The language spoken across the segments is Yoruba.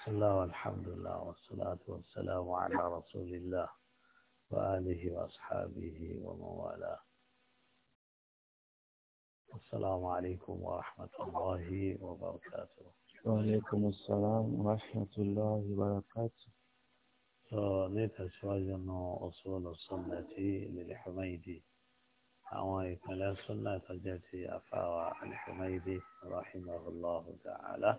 بسم الله والحمد لله والصلاة والسلام على رسول الله وآله وأصحابه وموالاه السلام عليكم ورحمة الله وبركاته وعليكم السلام ورحمة الله وبركاته ليت أسواج أنه أصول السنة للحميدي أوائي إكمال السنة جاتي أفاوى الحميدي رحمه الله تعالى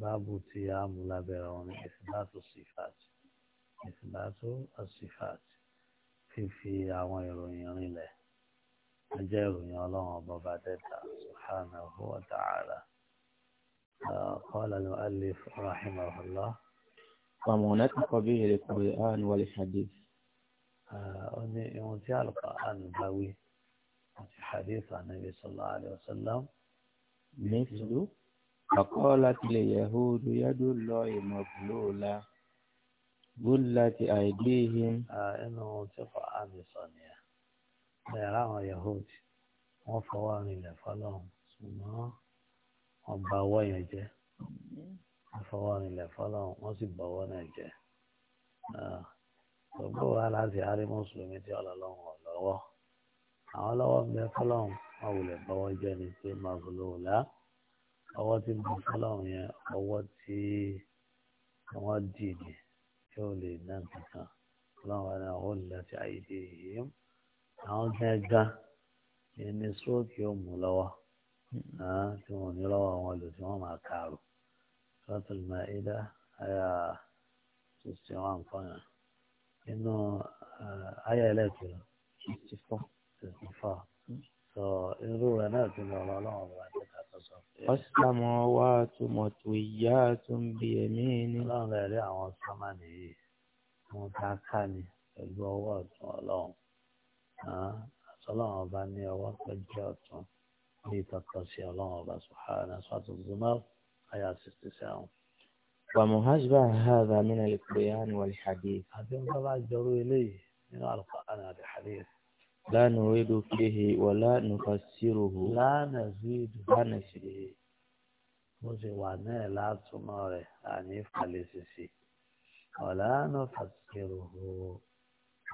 báàbù tí a mú lábẹ́rẹ̀ wọn ni ìfìlátò sífàtì ìfìlátò sífàtì fífi àwọn ìròyìn rinlẹ̀ wọ́n jẹ́ ìròyìn ọlọ́run ọba dẹ́ta subhanahu wa ta'ala. قال المؤلف رحمه الله ومنطق به للقرآن والحديث أني يمتع القرآن الباوي في حديث عن النبي صلى الله عليه وسلم مثل فقالت اليهود يد الله مغلولة غلت أيديهم إنه تقع عن صنيع ليرى يهود وفوان لفلهم ثم وباوا يجي وفوان لفلهم وسبوا نجي gbogbo wa láti arí mùsùlùmí tí ọlọ́lọ́wọ́ lọ́wọ́ àwọn lọ́wọ́ ń bẹ fọlọ́hún má wulẹ̀ bọ́wọ́ jẹ́ ni pé máa bọ̀ lọ́wọ́ lá ọwọ́ tí mo fọ́láwọn yẹn ọwọ́ tí wọ́n dì ní tí ó lè ná nǹkan ọlọ́run ẹni àwọn olùdarí àyèdè yìí àwọn gángan ẹni sóòkì ó mú lọ́wọ́ tí wọ́n ní lọ́wọ́ àwọn olùdarí tí wọ́n máa kàrò sọ́tún maida àyà sixty one kan inú àyà ẹlẹ́kẹ̀ẹ́ sixty four sixty four sọ irú rẹ̀ náà ti lọ ọlọ́run ọba tó ká tó sọ pé. ọ̀sàmọ̀ wa túmọ̀ tó ìyá tó ń bi ẹ̀mí ni. ọlọ́run rẹ̀ rí àwọn sọ́mà nìyí wọn ká ká ni pẹ̀lú ọwọ́ ọ̀tún ọlọ́run àtọ́lọ́run ọba ní ọwọ́ pẹ́jẹ́ ọ̀tún ní ìtọ́tọ́ sí ọlọ́run ọba subhanahu sọ́tò zumar ayà sixty seven. ومهاجبة هذا من القرآن والحديث. هذا ما بعد جروا إليه من القرآن والحديث. لا نريد فيه ولا نفسره لا نزيد لا نسيه وزوانا لا تنار يعني فلسسي ولا نفسره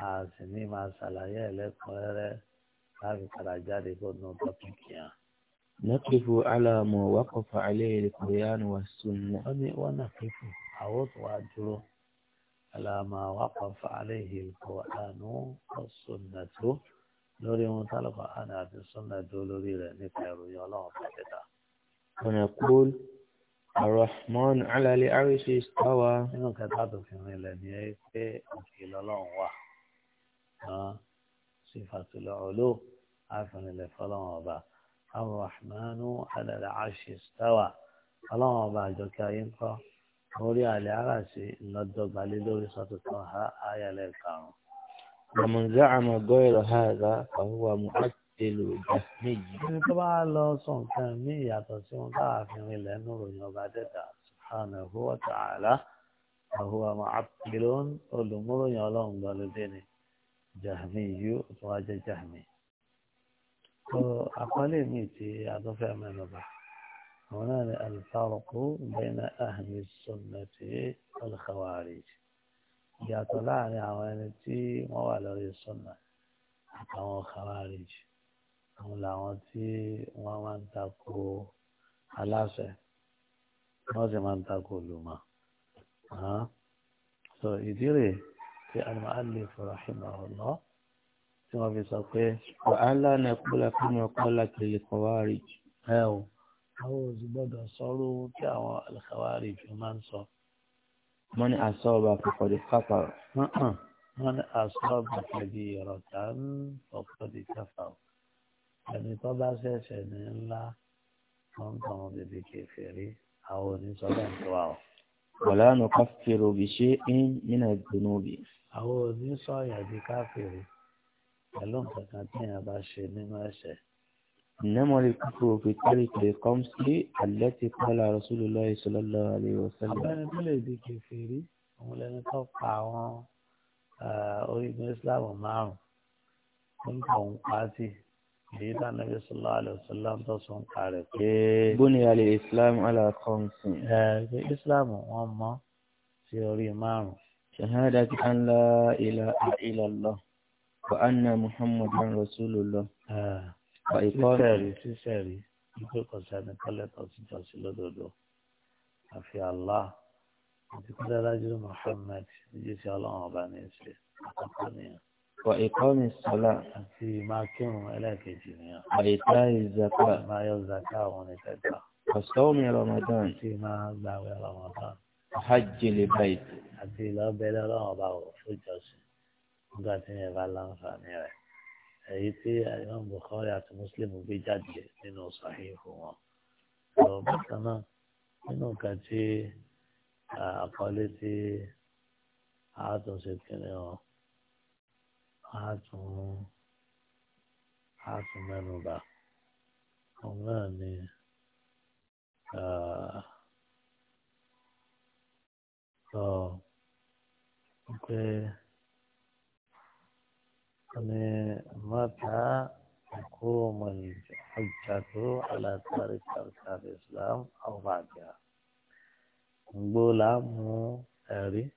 عاسني ما سلايا لقرر هذه تراجعي كنا تطبيقيا نقف على ما وقف عليه القرآن والسنة ونقف أوط وأجره على ما وقف عليه القرآن والسنة lórí ohun tí Al-Qur'an àti Sunna dúró lórí rẹ̀ nípa ìròyìn ọlọ́run pàtẹ́ta. wọn yẹ kó Ar-Rahman 'ala al-'arshi istawa. nínú kẹta tó fi rìn lẹ̀ ní ẹ pé òkè lọ́lọ́run wà sifatul 'ulu àfẹnilẹ̀ fọlọ́run ọba Ar-Rahman 'ala al-'arshi istawa ọlọ́run ọba àjọkẹ́ ayé ń kọ́ orí àlẹ́ àràṣe ńlọ́dọ́gbalé lórí sọ́tún kan áyà lẹ́ẹ̀karùn-ún. ومن زعم غير هذا فهو مؤتل جهمي tó bá lọ sọ nǹkan mí ìyàtọ̀ sí wọn káàfin ilẹ̀ nù ròyìn ọba dẹ́ta subhanahu wa ta'ala فهو مؤتل olùmúròyìn ọlọ́run lọ́lọ́dé ni jahmi yóò tún wá jẹ́ jahmi. àkọlé mi ti àtúnfẹ́ mẹ́lọ́ba àwọn náà ni الفرق بين أهل السنة والخوارج ìyàtọ̀ láàrin àwọn ẹni tí wọ́n wà lórí sọ́nà àtàwọn kàwáríjì àwọn làwọn tí wọ́n máa ń takò aláṣẹ wọ́n sì máa ń takò olùmọ̀ so ìdí rèé tí al-mu'allif rahimahullah tí wọ́n fi sọ pé wàhálà náà kúlẹ̀ fún mi kọ́lá kiri kàwáríjì ẹ̀ o àwọn òsì gbọ́dọ̀ sọ́rọ́ tí àwọn kàwáríjì máa ń sọ wọ́n ní asọ́ọ̀bà fọ̀kọ̀dé káfàrà wọ́n ní asọ́ọ̀bà fẹ̀bi ìrọ̀tà ń fọ̀kọ̀dé káfàrà ẹni tó bá ṣẹ̀ṣẹ̀ ní ńlá wọ́n kàn wọ́n bèbè kẹfẹ́rí àwọn oníṣọ́lá ń tó wa o. wọ́lá nù káfíìrì òbí ṣe ń nínà ìdùnnú òbí. àwọn oníṣọ́ọ̀yà bíi káfíìrì pẹ̀lú nǹkan kan tí èèyàn bá ṣe nínú ẹ̀ṣẹ̀ إنما الكفر في الطريق القمس التي قال رسول الله صلى الله عليه وسلم أنا بلا دي كفيري ولا نتوقع أريد من الإسلام ومعه كنت أنقاتي حديث النبي صلى الله عليه وسلم تصون قال بني الإسلام على خمس الإسلام وما سيوري معه شهادة أن لا إله إلا الله وأن محمد رسول الله آه sísẹ̀rí sísẹ̀rí wípé kò sẹ́ni kọ́lẹ́tọ̀ sí jọ́sí lódodo àfi Allah àti kọ́lẹ́ lájú Muhammad níjẹ́ sí ọlọ́run ọba ní ìṣe àkọ́kọ́ nìyẹn. wà ìkọ́ mi sọ́lá. àti máa kírun ẹlẹ́ẹ̀kejì nìyẹn. wà ìta ìzàkà. máa yọ zàkà àwọn ìtẹ́ta. ọ̀sán mi Ramadan. àti máa gbàwé Ramadan. hajj lè báyìí. àti ìlọ́bẹ̀ẹ́lẹ́ ọlọ́run èyí tí Imam Bukhari àti Muslim gbé jáde nínú Sahihu wọn lọ bákan náà nínú nǹkan tí àkọlé tí a tún ṣe kiri wọn a tún a tún mẹ́nu bà òun náà ni sọ pé. يعني متى تقوم الحجة على تارك أركان الإسلام أو بعدها نقول عمو أري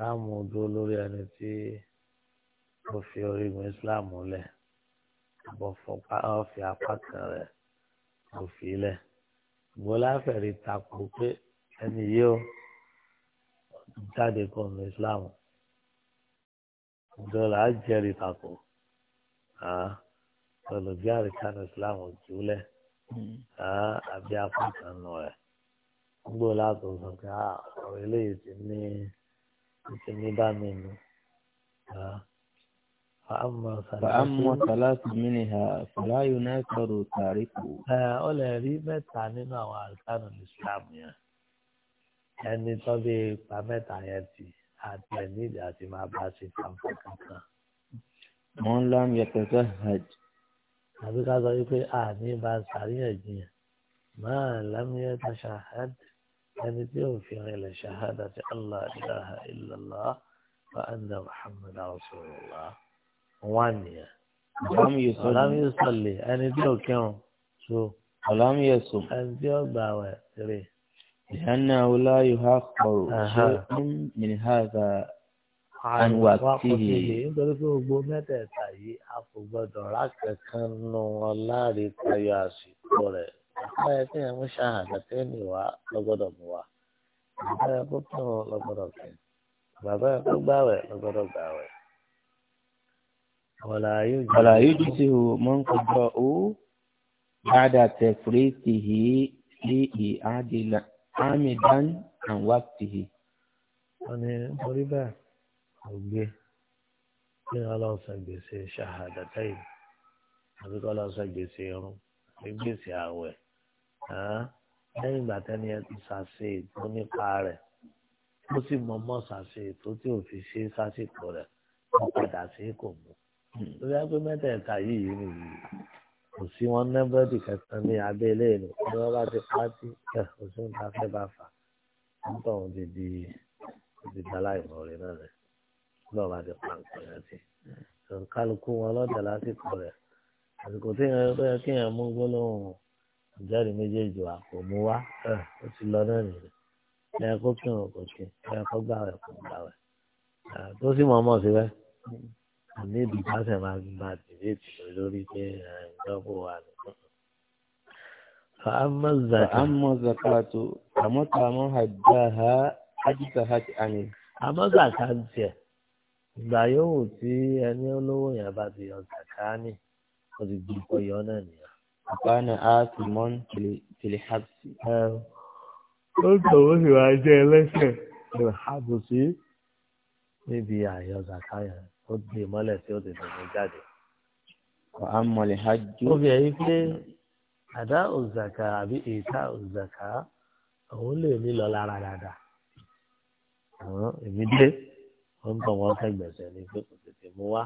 عمو دولور يعني تي وفي أريم الإسلام له وفقا في أفكار وفي له بولا فريد تقوم أن يو jáde kọ́ ọ̀nà ìsìláàmù dọ́là á jẹ́rìí tako pẹ̀lú bí àríkánu islam jùlẹ̀ hmm. àbí afọ́kànnù rẹ̀ gbogbo láti sọ pé ọ̀rọ̀ eléyìí ti ní ti ní bá mi nù. فأما ثلاث منها فلا ينكر تاركه. ọlẹ rí mẹ́ta nínú àwọn àríkánu islam yẹn ẹni tó bí pa mẹ́ta yẹn tì í àtẹ̀lẹ́dì àti máa bá ṣe fàǹfà kankan. wọ́n ń lám yẹpẹtẹ hajj. àbí ká sọ wípé àní bá ṣàríyànjiyàn máa lámúyẹ ta ṣahad ẹni tí ò fi rìnlẹ̀ ṣahad àti allah ilaha illallah wa anna muhammad rasulullah wà nìyẹn. ọ̀làmú yóò sọ̀lẹ̀ ẹni tí ò kírun so. ọ̀làmú yóò ẹni tí ò gbàwẹ̀ rè. لأنه لا يحقر شيء من هذا عن وقته nítorí pé gbogbo mẹ́tẹ̀ẹ̀ta yìí a kò gbọdọ̀ rà kankan nù wọn láàrin tayọ àsìkò rẹ̀ báyẹn tí ẹ̀ mú ṣàhàdà tẹ́lẹ̀ wá lọ́gbọ́dọ̀ mú wa bàbá yẹn kó tán lọ́gbọ́dọ̀ kẹ́ bàbá yẹn kó gbàwẹ̀ lọ́gbọ́dọ̀ gbàwẹ̀. ọ̀là yóò jí sí o mọ́ ń kọjọ́ o bá dà tẹ̀ fúrẹ́ẹ̀tì yìí sí ìhádìí náà. ami dan and waktihi. wọ́n ní bẹ́ẹ̀ kò gbé kí gbèsè ṣahadata yìí àbí kọ́ lọ gbèsè irun àbí gbèsè àwẹ̀ lẹ́yìn ìgbà tẹ́ni ẹ ti ṣàṣe ètò nípa rẹ̀ ó sì ṣàṣe ètò tí ò fi ṣe sásìkò rẹ̀ padà sí kò sí wọn ná búrẹ́dì kankan ní abẹ́ ilé rẹ̀ bí wọ́n bá ti pàtì ẹ̀ kò sí ní afẹ́ bá fà ń tọ̀ wọn ti di ti dala ìmọ̀ rẹ̀ náà rẹ̀ lọ́wọ́ bá ti pa nǹkan yẹn ti kálukú wọn lọ́jà lásìkò rẹ̀ àsìkò tí yẹn bẹ́ẹ̀ kí yẹn mú gbólóhùn ìjẹ́rìí méjèèjì wa kò mú wá ẹ̀ ó ti lọ náà nìyẹn ẹ̀ kó kírun kò kí ẹ̀ kó gbà rẹ̀ kò gbà rẹ̀ tó sì mọ̀ ọmọ sí bẹ́ẹ̀ àní ìdìbàṣẹ máa gba dìbètì lórí pé ìjọba wà ní. فأما الزكاة فأما الزكاة فمتى ما هداها أجتهت عنه àmọ́ zàkà ń tiẹ̀ ìgbà yòówù tí ẹni olówó yẹn bá ti yọ zàkà ní o ti di ikọ̀ yọ náà nìyẹn. àpáàna a ti mọ tìlíhàbùsì. ó tọ̀wọ́ sì wá jẹ́ ẹlẹ́sẹ̀ tìlíhàbùsì níbi àyọ zàkà yẹn ó di ìmọ́lẹ̀ e tí ó di ìdùnnú jáde. àmọ̀lẹ̀ hajj. ó fi ẹ̀yí pé àdá òzàkà àbí ètà òzàkà òun lè mí lọ lára dáadáa. àwọn èmi dé wọn tàn wọn fẹ́ gbẹ̀sẹ̀ ní pé kò tètè mú wá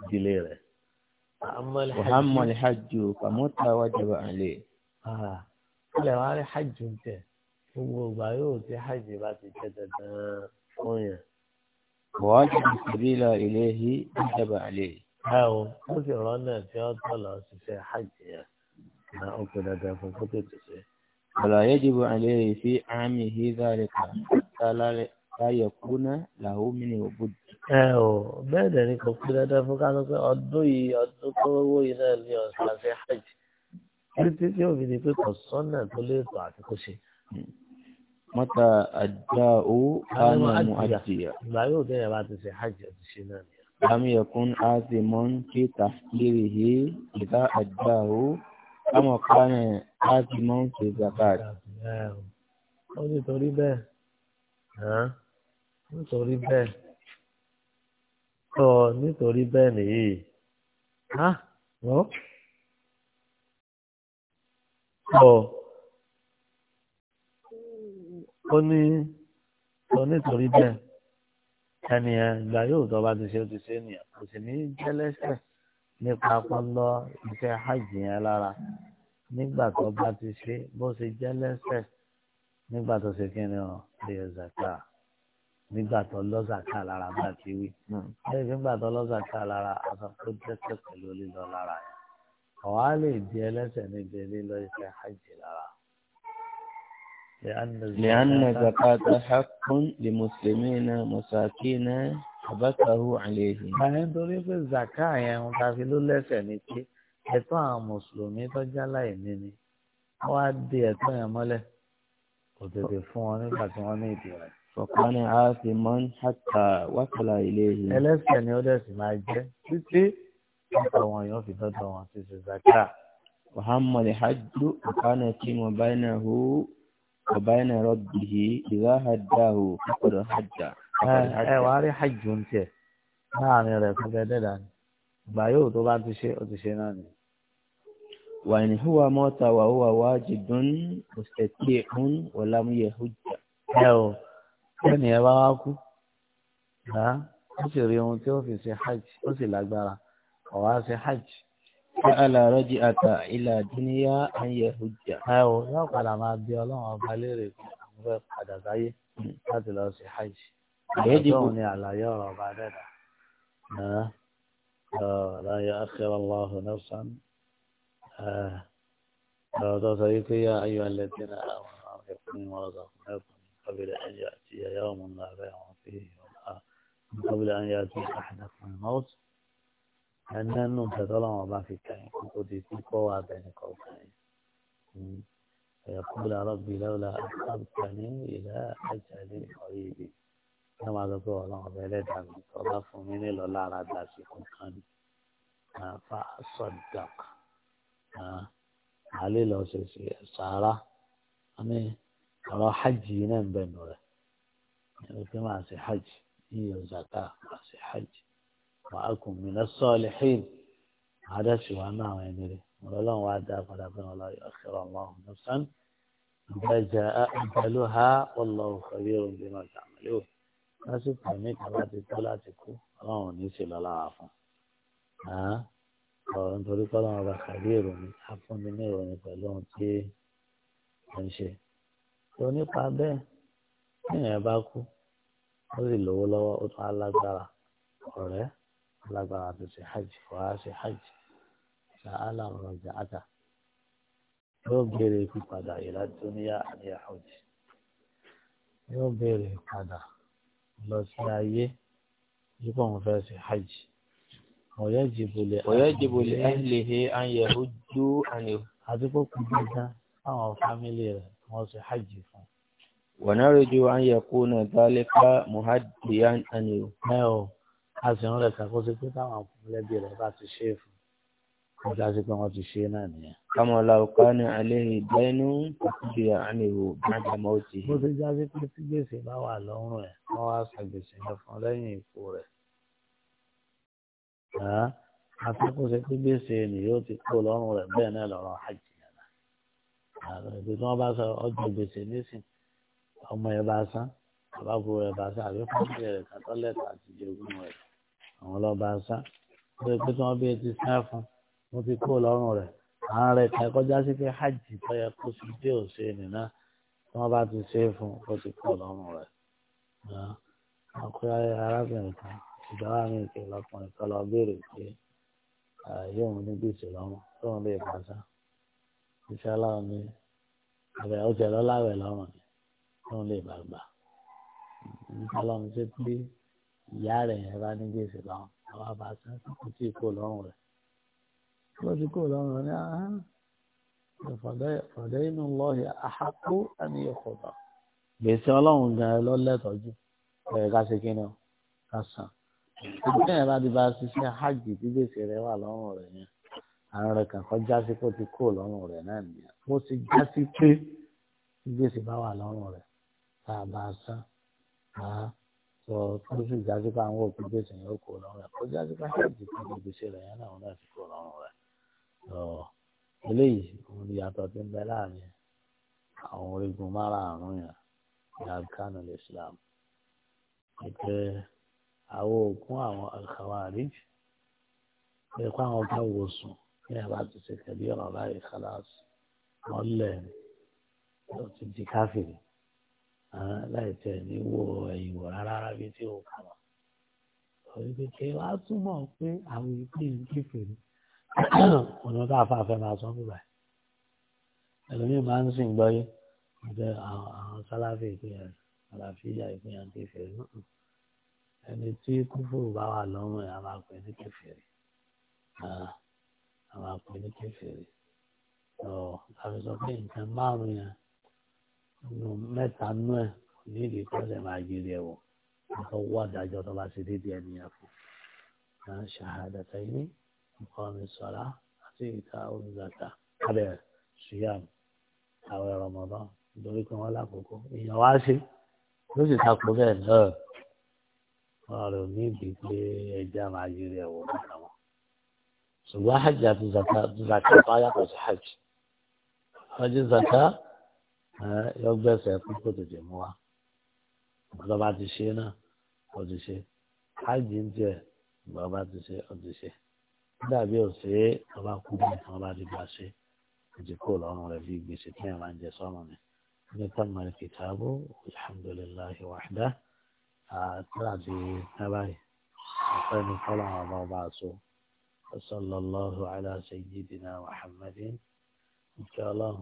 ìdílé rẹ̀. àmọ̀lẹ̀ hajj fàmúta wájúbà àlè. ilẹ̀ wa rí hajj ń tẹ̀ gbogbo ìgbà yóò ti hajj bá ti jẹ́ dandan fún yẹn. ووجد السبيل إليه كتب عليه أو كثر أن في أطلع سفي حج ما أكد أدفن كتب ولا يجب عليه في عامه ذلك حتى لا يكون له منه بد أو بعد ذلك أكد أدفن كان أدوي أدوي إلى اليوم سفي حج títí tí òfin ni pé kò sọ́nà tó lè mọ́tà àjà owó àmọ́ àjìyà. ìgbà yóò dẹ́yẹ̀ bá ti ṣe hajj àti ṣe náà ni. لم يكن آثما في تحقيره إذا أداه كما كان آثما في الزكاة. ó ní torí bẹ́ẹ̀ nítorí bẹ́ẹ̀ ọ nítorí bẹ́ẹ̀ nìyí ọ ó ní onítorí bẹ́ẹ̀ ẹni ẹ ìgbà yóò tó bá ti ṣe ó ti ṣe nìyẹn kò sì ní jẹ́lẹ́sẹ̀ nípa pọ́nlọ iṣẹ́ hajj yẹn lára nígbà tó bá ti ṣe bó ṣe jẹ́lẹ́sẹ̀ nígbà tó ṣe kí ni ọ ṣe yẹ zaka nígbà tó lọ zaka lára bá ti wí hmm. lẹ́yìn nígbà tó lọ zaka lára aṣọ tó dẹ́sẹ̀ pẹ̀lú lílọ lára yẹn ọ̀hán lè di ẹlẹ́sẹ̀ níbi lílọ iṣẹ́ hajj lára. لأن الزكاة حق لمسلمين مساكين حبسه عليه. Báyìí torí pé zaka yẹn ń ta fi ló lẹ́sẹ̀ ní pé ẹ̀tọ́ àwọn mùsùlùmí tó já láìní ni wọ́n á di ẹ̀tọ́ yẹn mọ́lẹ̀ kò tètè fún wọn nígbà tí wọ́n ní ìdí rẹ̀. Fọ̀kànnì ààfin máa ń hàtà wákàlà ilé yìí. Ẹlẹ́sẹ̀ ni ó dẹ̀sìn máa jẹ́ títí ọ̀pọ̀ wọn yóò fi dọ́dọ̀ wọn ti ṣe zaka. Wàhámọ̀lì hajjú ọ̀kánà tí mo bá náà hó ọ̀báyánà rọ́bìhì ìwà àdáhù fọ́kọ̀dọ̀ àjà. ẹ wàá rí hajj ń tiẹ̀ láàrin rẹ̀ fún bẹ́ẹ̀ dẹ́dà ni ìgbà yóò tó bá ti ṣe ó ti ṣe náà ni. wà ní húwa mọ́ta wà húwa wájú dún òṣèké ń wọ̀lámúyẹ hujja. ẹ o ẹnì ẹ bá wá kú ó sì rí ohun tí ó fi ṣe hajj ó sì lágbára ó wá ṣe hajj. على رجعت إلى دنيا أن يهجع أيوة يوقع لما أبدي الله أبالي غير قد أدعي هذا لا سيحيش يدعوني على يا رب لا يأخر الله نفسا لا تطريق يا أيها الذين آمنوا يقومون ورزقنا قبل أن يأتي يوم لا بيع فيه قبل أن يأتي أحدكم الموت ẹnẹ́ nù tẹ̀tọ́lọ́wọ́n bá fi kẹ́yìn kó ti fi kọ́ wa bẹ̀rẹ̀ kọ́ kẹ́yìn. فيقول ربي لولا أخرتني إلى أجل قريب كما ذكر الله بلد عن طرف من الولا رد أسيكم كان فأصدق علي لو سيسي سارة أمي ọ̀rọ̀ hajj yìí náà ń bẹ̀rù rẹ̀ ẹ̀rọ pé máa ṣe hajj yíyọ zaka máa ṣe hajj وأكن من الصالحين هذا سوى ما وينري ولله وعد فلا ولا يؤخر الله نفسا إذا جاء أجلها والله خبير بما تعملون نسيب تميك على تطلعتكو الله نسي للا عفو ها nítorí kọ́lọ́n ọba kàdí ìròyìn afúnni ní ìròyìn pẹ̀lú ohun tí ó ń ṣe. tó nípa bẹ́ẹ̀ níyẹn bá kú ó sì lówó lọ́wọ́ ó tún á lágbára ọ̀rẹ́ alágbára tó ṣe hajj wàá ṣe hajj sàálà ọ̀rọ̀ jàáta yóò béèrè ìpípadà ìlà dúníyà àti hajj yóò béèrè ìpadà lọ sí ayé yípo òun fẹ́ ṣe hajj ọ̀yẹ́jìbò lè ẹ́ńlẹ̀he àyẹ̀wò jó àní. àti kó kú dídá fáwọn fámìlì rẹ̀ wọ́n ṣe hajj fún. wọ̀nà rẹ̀ ju àyẹ̀kú náà dálẹ́ká muhadiyan àní. ẹ o a sì ń rẹ̀ kàkó sí pé táwọn àfọmọlẹ́bí rẹ̀ bá ti ṣe é fún un ọjà sí pé wọ́n ti ṣe é náà nìyẹn. kámọ làwùká ní alẹ́ ìdẹ́nu àti àníwò bàjẹ́ mọ́ ti. bó ṣe já sí pé tí gbèsè bá wà lọ́rùn ẹ̀ wọ́n wá ṣàgbèsè yẹn fún lẹ́yìn ikú rẹ̀. àti kó ṣe pé gbèsè ni yóò ti kó lọ́rùn rẹ̀ bẹ́ẹ̀ náà lọ́rọ̀ hajj yẹn náà. àbẹ̀ tí wọ́n bá sọ ọjọ́ gbèsè nísìn ọmọ ẹ̀ bá sán àbábọ̀ rẹ̀ bá sán àbí fún àwọn ọlọ́ba sá lórí pé tí wọ́n bí etí sá fún wọn ti kó lọ́rùn rẹ̀ àwọn rẹ̀ ká kọjá sí pé hajj tó yẹ kó sí dé òsè nìyẹn tí wọ́n bá ti ṣe é fún ó ti kó lọ́rùn rẹ̀ ọkùnrin arábìnrin kan ìdáwà mi kì í lọkùnrin kan lọ béèrè pé yóò mú ní gbèsè lọ́wọ́ tóun lè bá sá iṣẹ́ aláwọ̀ ni àbẹ̀ ó lọ́láwẹ̀ lọ́wọ́ ni tóun lè bá gbà ń ìyá rẹ̀ yẹn bá ní gbèsè lọ́wọ́ àwọn àbàṣán sì kú sí ikú lọ́rùn rẹ̀ ló ti kú lọ́rùn rẹ̀ ní ahán fọ̀dẹ́ inú lọ́ọ̀hì àhákó ẹni ìkọ̀tà gbèsè ọlọ́run gan ló lẹ́tọ̀ọ́jú ẹ̀rẹ̀ ká ṣe kí ni ó ká san ìgbẹ́ yẹn bá ti bá ṣiṣẹ́ hajj tí gbèsè rẹ̀ wà lọ́rùn rẹ̀ yẹn àwọn rẹ̀ kàn kọ́ jásí kó ti kú lọ́rùn rẹ̀ náà nìyẹn ó ti jásí pé gbèsè bá wà lọ́rùn rẹ̀ tá a bá san àá sọ tó sì jáde pé àwọn òkú gbèsè yẹn ó kó lọ́rùn rẹ̀ kó jáde pé àjèjì tó ní gbèsè rẹ̀ yẹn náà náà ti kó lọ́rùn rẹ̀ eléyìí òun ni yàtọ̀ ti ń bẹ láàrin àwọn orígun márààrún yẹn ní arkanu islam ìpè àwọn òkun àwọn alkhawarij ẹ̀kọ́ àwọn ọ̀gá wo sùn ní ẹ̀rọ àti ṣèkẹ̀lé ọ̀rọ̀ láì kálá wọn Ah, láì tẹ̀ ní wo ẹ̀yìn wò rárá bí tí ò kà wá. Ọ̀rẹ́ pé wá túmọ̀ pé àwọn ìpín kíkè ọ̀nà tá a fà fẹ́ máa sọ nígbà yìí. Ẹlòmíì máa ń sìn gbọ́ yé ọ̀dọ̀ àwọn sáláfì ìpínyà àlàáfíà ìpínyà kíkè ní. Ẹni tí kúfùrù bá wà lọ́rùn ẹ̀ a máa pè ní kèfèrí. Ah, a máa pè ní kèfèrí. Ọ̀ àfisọ pé nǹkan márùn-ún yẹn mẹ́ta nú ẹ̀ ní ìdí tó ṣe máa yiri ẹ̀wọ̀ ọkọ̀ wà dájọ́ tó bá ṣe déédéé ẹnìyàn fún un ṣàhádàtà yìí nǹkan mi sọ̀rá àti ìta olùdàkà abẹ́ ṣùyàm àwẹ̀ rọmọdán nítorí pé wọ́n lákòókò èèyàn wá ṣe ló sì takò bẹ́ẹ̀ náà wọ́n rò ní ìdí pé ẹja máa yiri ẹ̀wọ̀ nígbà wọn. ṣùgbọ́n hajj àti zaka tó yàtọ̀ sí hajj yọ gbẹ̀sẹ̀ fún kò tètè mú wa ọ̀dọ́ bá ti ṣe náà ó ti ṣe ájì ń tiẹ̀ ìgbà bá ti ṣe ó ti ṣe dàbí òṣè ọba kú bí nǹkan bá ti gbà ṣe ìdí kò lọ́rùn rẹ̀ bí gbèsè tí ẹ̀ máa ń jẹ sọ́run ni ní tàmà kìtàbù alhamdulilayi wàhdà àtàlàdì tábàyì ọ̀pẹ́ ní ọba ọba àṣọ sallallahu ala sayyidina muhammadin inshallah.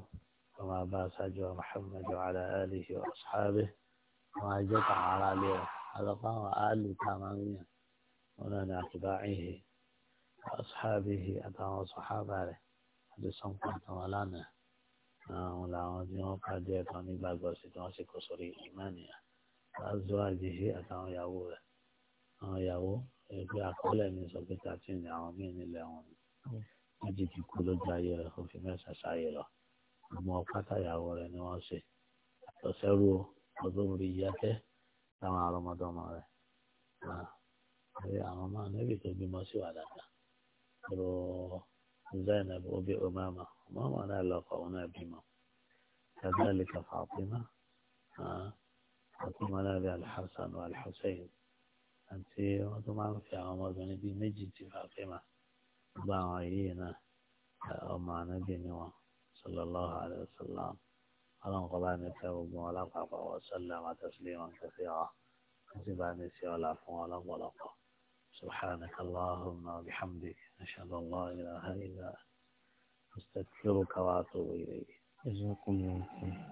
وما باساج محمد وعلى آله وأصحابه وما جتع على ليه هذا قام آل تماميا ولنا أتباعه وأصحابه أتوا صحابه له هذا تولانا ولانا ولا وجهه قد يكون بابا ستوسي كسوري إيمانيا وأزواجه أتوا يعوه يعوه يقول أقول من سبتاتين من إلا يعومين أجد كل جاية وفي مسا سايلة àmọ́ pátàyàwó rẹ̀ ni wọ́n ṣe àtọ̀sẹ́rú ọdún rí yàtẹ́ táwọn arọmọdọ́mọ rẹ̀ àwọn ọmọ anábì tó bímọ sí wà dáadáa ro Zainab obi Umama Umama náà lọkọ òun náà bímọ كذلك فاطمة فاطمة لها الحسن والحسين أنت وطبعا في عمر بن أبي مجد فاطمة ضاعينا أو معنى بنوا صلى الله عليه وسلم على القرآن الكريم ولقب وسلم تسليما كثيرا حسب أن يسير العفو ولقب سبحانك اللهم وبحمدك أشهد أن لا إله إلا أستغفرك وأتوب إليك جزاكم الله خيرا